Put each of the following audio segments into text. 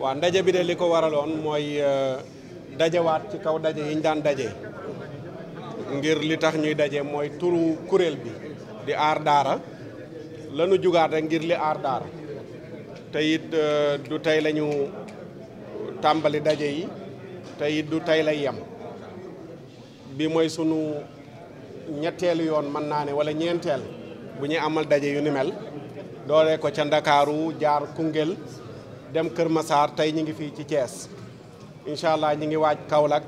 waaw ndaje bi de li ko waraloon mooy euh, dajewaat ci kaw daje yiñ daan daje ngir li tax ñuy daje mooy turu kuréel bi di aar daara lanu jugaat rek ngir li aar daara te euh, du tey lañu tàmbali daje yi tey du tey lay yem bi mooy sunu ñetteelu yoon mën naa ne wala ñeenteel bu ñuy amal daje yu ni mel ko ca Ndakaaru jaar Koungheul dem Kër Massar tey ñu ngi fii ci Thiès incha allah ñu ngi waaj Kaolack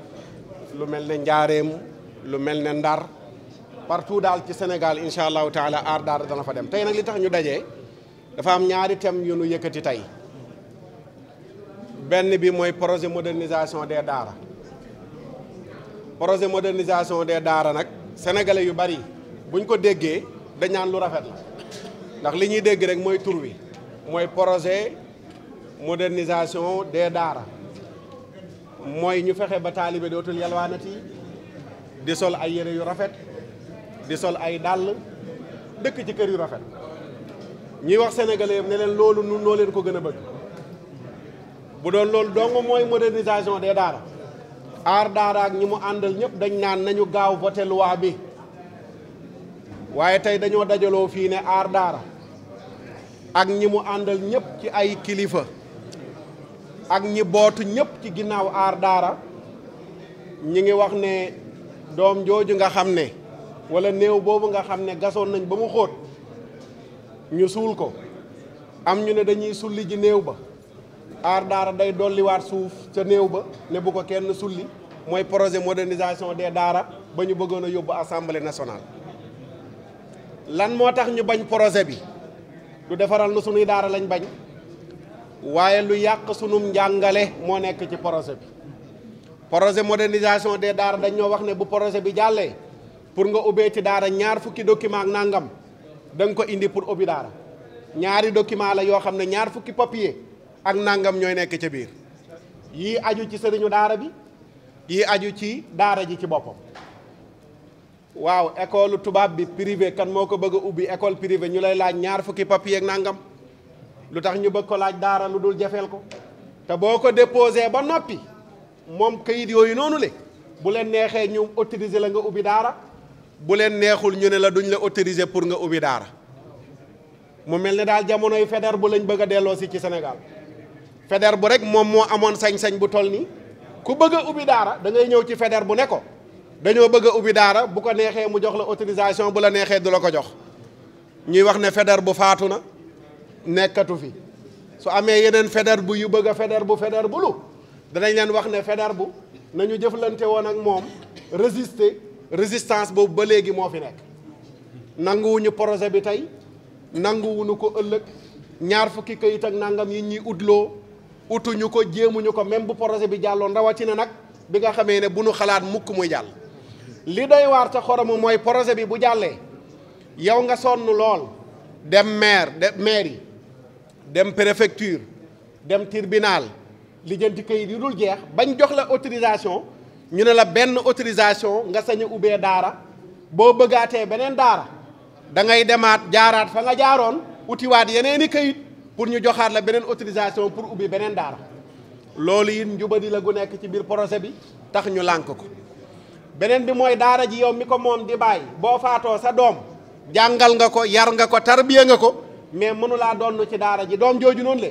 lu mel ne Njaareem lu mel ne Ndar partout daal ci Sénégal incha allahu taala aar daara dana fa dem tey nag li tax ñu dajee dafa am ñaari thèmes yu nu yëkkati tey benn bi mooy projet modernisation des daara projet modernisation des daara nag sénégalais yu bari buñ ko déggee dañ lu rafet la ndax li ñuy dégg rek mooy tur wi mooy projet. modernisation des daara mooy ñu fexe ba taalibe dootul yalwaanati di sol ay yére yu rafet di sol ay dàll dëkk ci kër yu rafet ñuy wax sénégalais ne leen loolu nun noo leen ko gën a bëgg bu doon loolu dong mooy modernisation des daara aar daara ak ñi mu àndal ñëpp dañ naan nañu gaaw voté luwaa bi waaye tey dañoo dajaloo fii ne aar daara ak ñi mu àndal ñëpp ci ay kilifa ak ñi bootu ñëpp ci ginnaaw aar daara ñi ngi wax ne doom jooju nga xam ne wala néew boobu nga xam ne gasoon nañ ba mu xóot ñu suul ko am ñu ne dañuy sulli ji néew ba aar daara day dolliwaat suuf ca néew ba ne bu ko kenn sulli mooy projet modernisation des daara ba ñu bëggoon a yóbbu assemblée nationale lan moo tax ñu bañ projet bi du defaral nu sunuy daara lañ bañ waaye lu yàq sunum njàngale moo nekk ci projet bi projet modernisation des daara dañ ñoo wax ne bu projet bi jàllee pour nga ubbee ci daara ñaar fukki document ak nangam da ko indi pour ubbi daara ñaari document la yoo xam ne ñaar fukki papier ak nangam ñooy nekke ca biir yii aju ci sëriñu daara bi yii aju ci daara ji ci boppam waaw école tubaab bi privé kan moo ko bëgg a ubbi école privée ñu lay laaj ñaar fukki papier ak nangam lu tax ñu bëgg ko laaj daara lu dul jafeel ko te boo ko déposé ba noppi moom kayit yooyu noonu le bu leen neexee ñu autoriser la nga ubbi daara bu leen neexul ñu ne la duñ la autoriser pour nga ubbi daara mu mel ne daal jamonoy feder bu lañ bëgg a delloo si ci Sénégal feder bu rek moom moo amoon sañ-sañ bu toll nii ku bëgg a ubbi daara da ngay ñëw ci feder bu ne ko dañoo bëgg ubbi daara bu ko neexee mu jox la autorisation bu la neexee du la ko jox ñuy wax ne feder bu faatu na nekkatu fi su amee yeneen feder bu yu bëgg a feder bu feder bu lu danañ leen wax ne feder bu nañu jëflante woon ak moom résister résistance boobu ba léegi moo fi nekk nanguwuñu projet bi tey nanguwuñu ko ëllëg ñaar fukki kayit ak nangam yi ñuy utloo utuñu ko jéemuñu ko même bu projet bi jàlloo jàlloon rawatina nag bi nga xamee ne bu nu xalaat mukk muy jàll li doy waar te xoromu mooy projet bi bu jàllee yow nga sonn lool dem maire de maire yi dem préfecture dem tribunal lijjanti kayit yu dul jeex bañ jox la autorisation ñu ne la benn autorisation nga sañ a daara boo bëggaatee beneen daara dangay demaat jaaraat fa nga jaaroon utiwaat yeneeni kayit pour ñu joxaat la beneen autorisation pour ubbi beneen daara loolu it njubadi la gu nekk ci biir projet bi tax ñu lànk ko beneen bi mooy daara ji yow mi ko moom di bàyyi boo faatoo sa doom jàngal nga ko yar nga ko tarbiya nga ko mais mënulaa donn ci daara ji doom jooju noonu le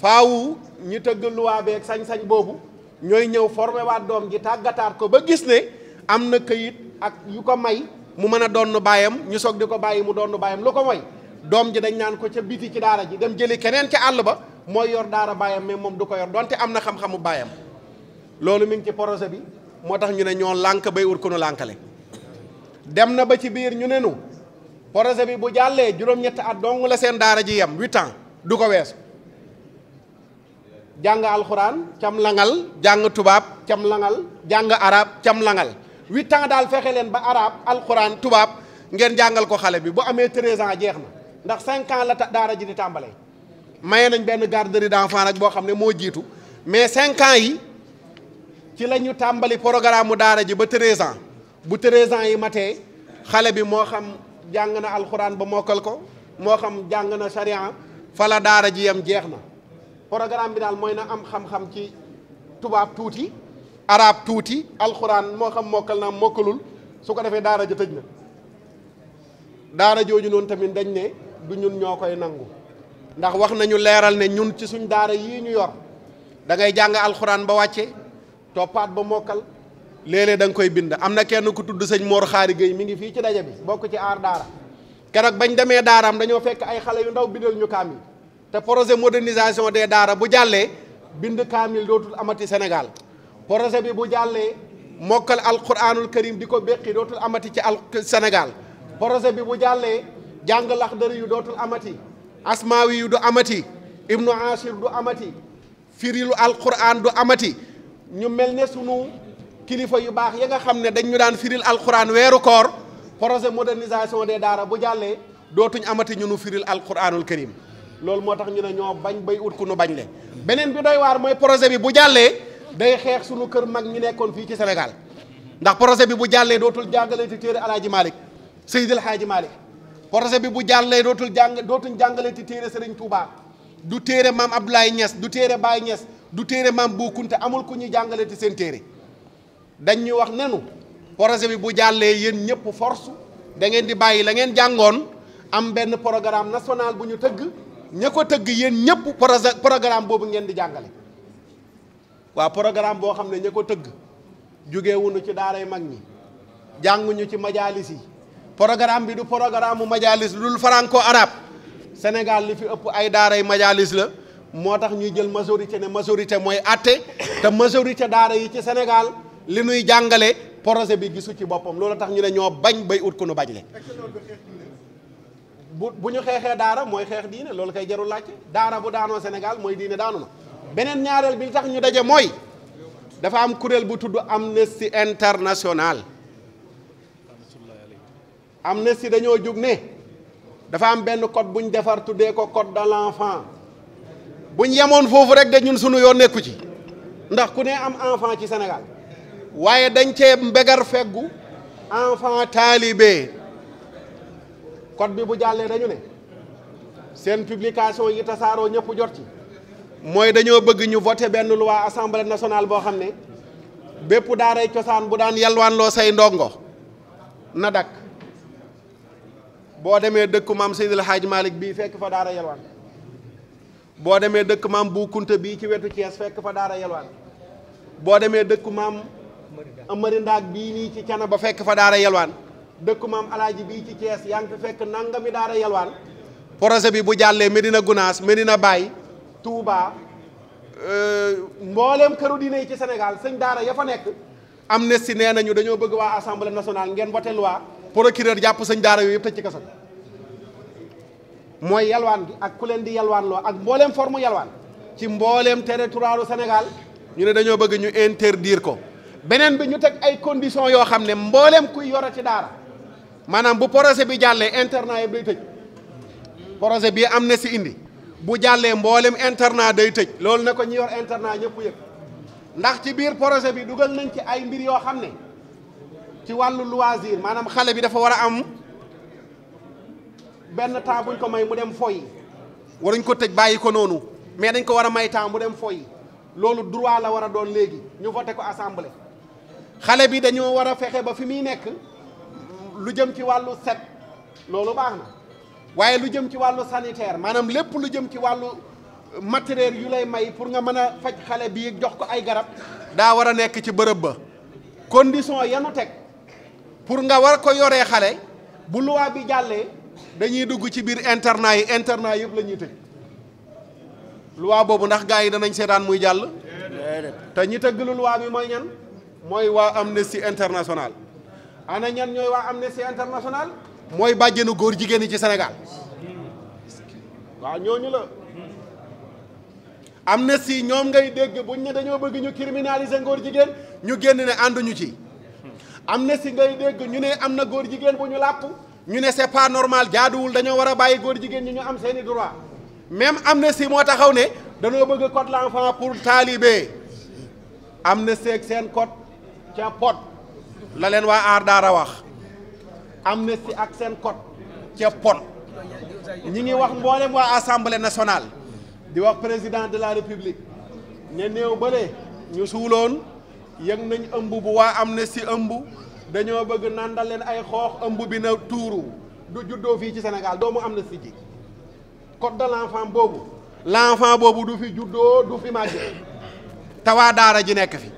faawu ñu tëgg luwaa sañ-sañ boobu ñooy ñëw formé waat doom ji tàggataat ko ba gis ne am na këyit ak yu ko may mu mën a donn baayam ñu soog di ko bàyyi mu donn baayam lu ko moy doom ji dañ naan ko ca biti ci daara ji dem jëli keneen ca àll ba mooy yor daara baayam mais moom du ko yor donte am na xam-xamu baayam loolu mi ci projet bi moo tax ñu ne ñoo lànk bay ut ku nu lànkale dem na ba ci biir ñu ne projet bi bu jàllee juróom-ñetti at dong la seen daara ji yem huit ans du ko wees jàng alxuraan cam langal jàng tubaab cam langal jàng arab cam langal huit ans daal fexe leen ba arab alxuraan tubaab ngeen jàngal ko xale bi bu amee treize ans jeex na ndax cinq ans la daara ji di tàmbalee maye nañ benn garderie d'enfant nag boo xam ne moo jiitu mais cinq ans yi ci la ñu tàmbali programme mu daara ji ba treize ans bu treize ans yi matee xale bi moo xam jàng na alxuraan ba mokkal ko moo xam jàng na sariya fala daara ji yam jeex na programme bi daal mooy na am xam-xam ci tubaab tuuti arab tuuti alxuraan moo xam mokkal naa mokkalul su ko defee daara ja tëj na daara jooju noonu tamit dañ ne du ñun ñoo koy nangu ndax wax nañu leeral ne ñun ci suñ daara yii ñu yor da ngay jàng alxuraan ba wàcce toppaat ba mokkal léeg danga koy bind am na kenn ku tudd sëñ moor Xaari Gueye mi ngi fii ci daje bi bokk ci aar daara keroog bañ demee daaraam dañoo fekk ay xale yu ndaw bindal ñu kaamil te projet modernisation des daara bu jàllee bind kaamil dootul amati senegal projet bi bu jàllee mokkal alquranul karim di ko béqi dootul amati ci al senegal projet bi bu jàllee jàng laxdari yu dootul amati asmaawi yu du amati ibnu ashir du amati firilu alquran du amati ñu mel ne sunu kilifa yu baax ya nga xam ne dañu ñu daan firil alxuraan weeru koor projet modernisation des daara bu jàllee dootuñ amati ñu nu firil alxuraanul karim loolu moo tax ñu ne ñoo bañ bay ut ku nu bañ le beneen bi doy waar mooy projet bi bu jàllee day xeex suñu kër mag ñi nekkoon fii ci Sénégal ndax projet bi bu jàllee dootul jàngale ci téere alaaji Malick Seydil Haaji Malick projet bi bu jàllee dootul jàng dootuñ jàngale ci téere Serigne Touba du téere maam ab Abdoulaye Niass du téere Baye ñes du téere maam Bou Kounta amul ku ñuy jàngale ci seen téere dañ ñu wax nenu projet bi bu jàllee yéen ñëpp force dangeen di bàyyi la ngeen jàngoon am benn programme national bu ñu tëgg ña ko tëgg yéen ñëpp programme boobu ngeen di jàngale waa programme boo xam ne ña ko tëgg jógewu nu ci daaray mag ñi jànguñu ci majalis yi programme bi du programme mu majalis lul franco arabe Sénégal li fi ëpp ay daaray majalis la moo tax ñuy jël majorité ne majorité mooy àtte te majorité daara yi ci Sénégal li nuy jàngale projet bi gisu ci boppam loolu tax ñu ne ñoo bañ bay ut ku nu bañ le bu bu ñu xeexee daara mooy xeex diine loolu kay jarul laajte daara bu daanoo Sénégal mooy diine daanu na beneen ñaareel bi tax ñu daje mooy dafa am kuréel bu tudd Amnesty International Amnesty dañoo jóg ne dafa am benn code bu ñu defar tuddee ko code de l'enfant bu ñu yemoon foofu rek de ñun sunu yoon nekku ci ndax ku ne am enfant ci Sénégal waaye dañ cee mbegar feggu enfant taalibe code bi bu jàllee dañu ne seen publication yi tasaaroo ñëpp jot ci mooy dañoo bëgg ñu voté benn loi assemblée nationale boo xam ne bépp daaray cosaan bu daan loo say ndongo na dakk boo demee dëkk maam Seydil Hadj Malick bii fekk fa daara boo demee dëkk maam Bu Kunta bii ci wetu Thiès fekk fa daara yalwaan boo demee dëkk maam amari ndaag bii nii ci cana ba fekk fa daara yelwaan dëkku maam bii ci Thiès yaa ngi fi fekk nangami daara yelwaan projet bi bu jàllee Medina Gunaas Medina bàyyi Touba euh, mbooleem këru diine yi ci senegal sañ daara ya fa nekk amnistie nee nañu dañoo bëgg waa assemblée national ngeen voté loi procureur jàpp sañ daara yooyu yëpp tëj ci kaso mooy yalwaan ak ku leen di yalwaan loo ak mbooleem forme yalwaan ci mbooleem tere u senegal ñu ne dañoo bëgg ñu interdire ko beneen bi ñu teg ay conditions yoo xam ne mboolem kuy yore ci daara maanaam bu projet bi jàllee internat yëpp day tëj projet bi am na si indi bu jàllee mboolem internat day tëj loolu na ko ñi yor internat ñëpp yëpp ndax ci biir projet bi dugal nañ ci ay mbir yoo xam ne ci wàllu loisir maanaam xale bi dafa war a am benn temps buñ ko may mu dem foy waruñ ko tëj bàyyi ko noonu mais dañ ko war a may temps mu dem foy loolu droit la war a doon léegi ñu voté ko assemblée xale bi dañoo war a fexe ba fi muy nekk lu jëm ci wàllu set loolu baax na waaye lu jëm ci wàllu sanitaire maanaam lépp lu jëm ci wàllu matériel yu lay may pour nga mën a faj xale bi jox ko ay garab daa war a nekk ci bërëb ba condition yanu teg pour nga war ko yoree xale bu loi bi jàllee dañuy dugg ci biir internat yi internat yëpp la ñuy tëj loi boobu ndax gars yi danañ seetaan muy jàll te ñi tëgg lu loi bi mooy ñan mooy waa Amnesty International ana ñan ñooy waa Amnesty International mooy bàjjenu góor jigéen yi ci senegal waaw ñooñu la Amnesty ñoom ngay dégg buñ ne dañoo bëgg ñu criminaliser góor jigéen ñu génn ne ànduñu ci Amnesty ngay dégg ñu ne am na góor jigéen bu ñu làpp ñu ne c'est pas normal jaaduwul dañoo war a bàyyi góor jigéen ñi ñu am seeni droit même Amnesty moo taxaw ne dañoo bëgg code l'enfant pour talibé Amnesty ak seen code ca pot la leen waa aar daara wax amnistie ak seen code ca pot ñi ngi wax mboolem waa assemblée nationale di wax président de la république ne néew bële ñu suuloon yëg nañ ëmb bu waa amnistie ëmb dañoo bëgg nandal leen ay xoox ëmb bi na tuuru du juddoo fii ci Sénégal doomu amnistie ji code de l'enfant boobu l'enfant boobu du fi juddoo du fi màggee te waa daara ji nekk fi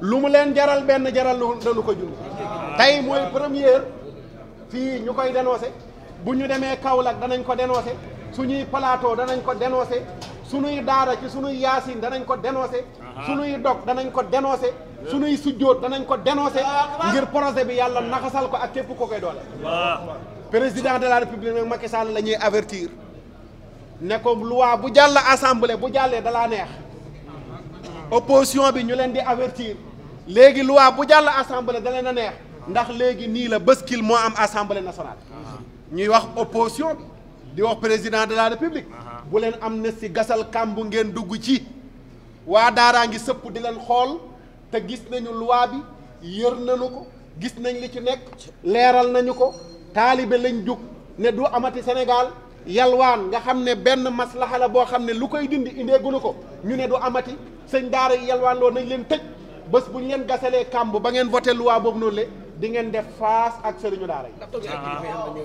lu mu leen jaral benn jaral lanu ko jun tey mooy première fii ñu koy dénoncé bu ñu demee Kaolack danañ ko dénoncé suñuy plateau danañ ko dénoncé suñuy daara ci suñuy yaasin danañ ko su suñuy dog danañ ko dénoncé suñuy sujjóot danañ ko dénoncé ngir projet bi yàlla naxasal ko ak képp ko koy doole président de la république nag Macky Sall la ñuy avertir ne ko loi bu jàll assemblée bu jàllee dalaa neex opposition bi ñu leen di avertir léegi loi bu jàll assamble da leen a neex ndax léegi nii la bëskil moo am assemblée nationale ñuy wax opposition bi di wax président de la république bu leen am na si gasal kàmb ngeen dugg ci waa daaraa ngi sëpp di leen xool te gis nañu loi bi yër nañu ko gis nañ li ci nekk leeral nañu ko taalibe lañ jug ne du amati Sénégal yalwaan nga xam ne benn maslaxa la boo xam ne lu koy dindi indeegunu ko ñu ne du amati sëñ daara yi yalwaan loo nañ leen tëj bés bu ñu leen gasalee kàmb ba ngeen voté loi boobu noonu la di ngeen def face ak sëriñu daara yi.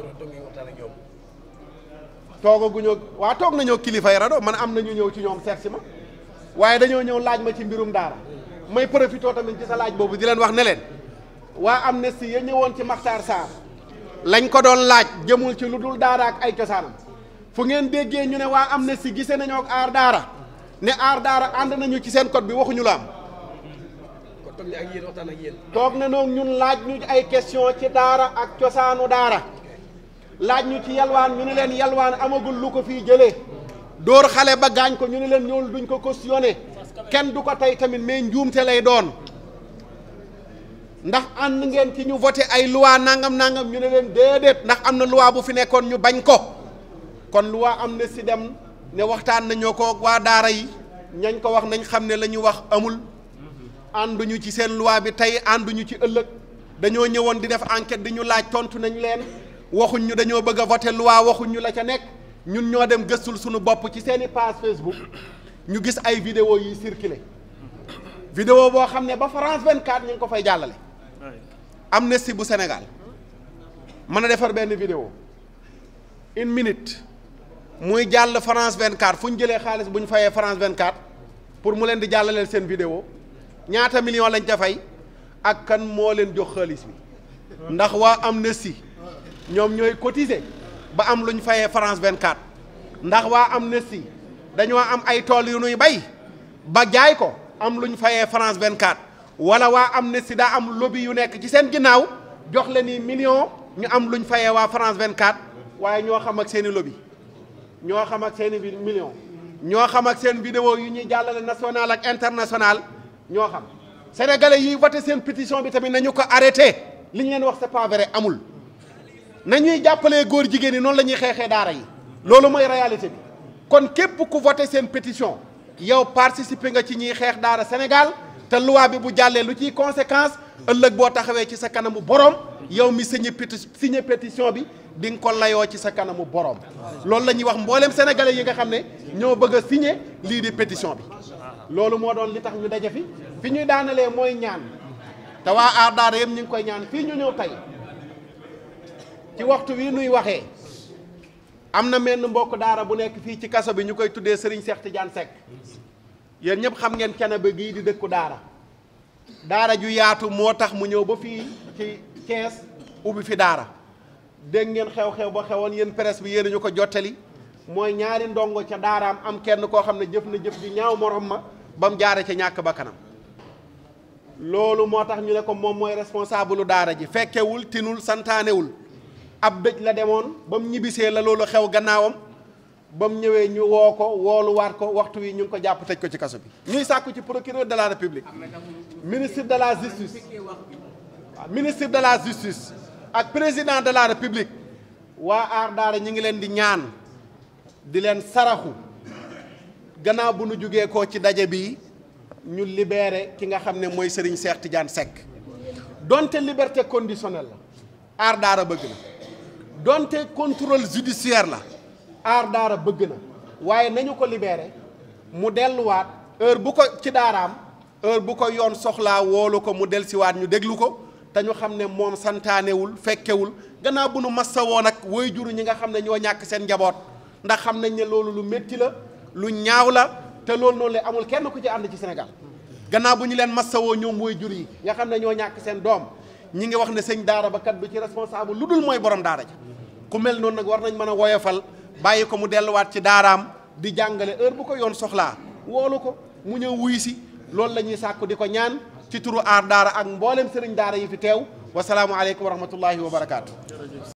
toogaguñoo waa toog nañoo kilifa yi rado man am na ñu ñëw ci ñoom seet si ma waaye dañoo ñëw laaj ma ci mbirum daara may profité tamit ci sa laaj boobu di leen wax ne leen waa amnistie ya ñëwoon ci Maxtaar Sarr lañ ko doon laaj jëmul ci lu dul daara ay cosaanam. fu ngeen déggee ñu ne waa am na si gisee nañoo ak aar daara ne aar daara ànd nañu ci seen code bi waxuñu la am. toog na ak yéen waxtaan ak na noonu ñun laaj ñu ay question ci daara ak cosaanu daara laaj ñu ci yalwaan ñu ne leen yalwaan amagul lu ko fii jëlee dóor xale ba gaañ ko ñu ne leen ñool duñ ko cautionné kenn du ko tey tamit mais njuumte lay doon ndax ànd ngeen ci ñu voté ay loi nangam nangam ñu ne leen déedéet ndax am na loi bu fi nekkoon ñu bañ ko. kon lu waa am na si dem ne waxtaan nañoo ko waa daara yi ñañ ko wax nañ xam ne la wax amul ànduñu ci seen loi bi tey ànduñu ci ëllëg dañoo ñëwoon di def enquête di ñu laaj tontu nañ leen waxuñ ñu dañoo bëgg a voter loi waxuñ ñu la ca nekk ñun ñoo dem gëstul suñu bopp ci seeni page Facebook ñu gis ay vidéo yuy circuler vidéo boo xam ne ba France 24 ñu ngi ko fay jàllale am Amnesty bu senegal mën a defar benn vidéo une minute muy jàll France 24 fu ñu jëlee xaalis bu ñu fayee France 24 pour mu leen di jàllaleel seen vidéo ñaata million lañ ca fay ak kan moo leen jox xaalis bi ndax waa am Amnesty ñoom ñooy cotiser ba am lu ñu fayee France 24 ndax waa am Amnesty dañoo am ay tool yu nuy bay ba jaay ko am lu ñu fayee France 24 wala waa am Amnesty daa am lobby yu nekk ci seen ginnaaw jox leen ni million ñu am lu ñu fayee waa France 24 waaye ñoo xam ak seen i ñoo xam ak seen i million ñoo xam ak seen vidéo yu ñuy jàllale national ak international ñoo xam sénégalais yi voté seen pétition bi tamit nañu ko arrêté li ñu leen wax c'est pas vrai amul nañuy jàppalee góor jigéen ñi noonu la ñuy xeexee daara yi loolu mooy réalité bi kon képp ku voté seen pétition yow participer nga ci ñuy xeex daara Sénégal te loi bi bu jàllee lu ciy conséquence ëllëg boo taxawee ci sa kanamu boroom yow mi signé signé pétition bi di nga ko layoo ci sa kanamu boroom loolu la ñuy wax mbooleem sénégalais yi nga xam ne ñoo bëgg a lii di pétition bi loolu moo doon li tax ñu daje fi fi ñuy daanalee mooy ñaan te waa aar daara yëpp ñu ngi koy ñaan fii ñu ñëw tey ci waxtu wi nuy waxee am na menn mbokk daara bu nekk fii ci kaso bi ñu koy tuddee Serigne Cheikh jaan Seck yéen ñëpp xam ngeen cene ba gii di dëkku daara daara ju yaatu moo tax mu ñëw ba fii ci Thiès ubbi fi daara dégg ngeen xew-xew ba xewoon yéen presse bi yéen ñu ko jottali mooy ñaari ndongo ca daaraam am kenn koo xam ne jëf na jëf ji ñaaw morom ma ba mu jaare ca ñàkk ba kanam loolu moo tax ñu ne ko moom mooy responsable daara ji fekkewul tinul santaanewul ab dëj la demoon ba mu ñibbisee la loolu xew gannaawam ba mu ñëwee ñu woo ko woolu waat ko waxtu wi ñu ngi ko jàpp tëj ko ci kaso bi ñuy sàkku ci procureur de la république ministre de la justice waaw ministre de la justice ak président de la république waa aar daara ñi ngi leen di ñaan di leen saraxu gannaaw bu nu jógee ko ci daje bi ñu libéré ki nga xam ne mooy Serigne Cheikh Tidiane Seck donte liberté conditionnelle la aar daara bëgg na donte contrôle judiciaire la aar daara bëgg na waaye nañu ko libéré mu delluwaat heure bu ko ci daaraam heure bu ko yoon soxlaa woolu ko mu dellusiwaat ñu déglu ko te ñu xam ne moom santaanewul fekkewul gannaaw bu nu massa nag woy waajur ñi nga xam ne ñoo ñàkk seen njaboot ndax xam nañ ne loolu lu métti la lu ñaaw la te noonu la amul kenn ku ci ànd ci Sénégal gannaaw bu ñu leen massa woo ñoom jur yi nga xam ne ñoo ñàkk seen doom ñi ngi wax ne sëñ daara ba kat du ci responsable lu dul mooy boroom daara ja ku mel noonu nag war nañ mën a woyofal bàyyi ko mu delluwaat ci daaraam di jàngale heure bu ko yoon soxlaa woolu ko mu ñëw wuy si loolu la ñuy sàkku di ko ñaan ci turu aar daara ak mboolem sëriñ daara yi fi teew wa wasalaamualeykum wa rahmatullahi wa barakaatu.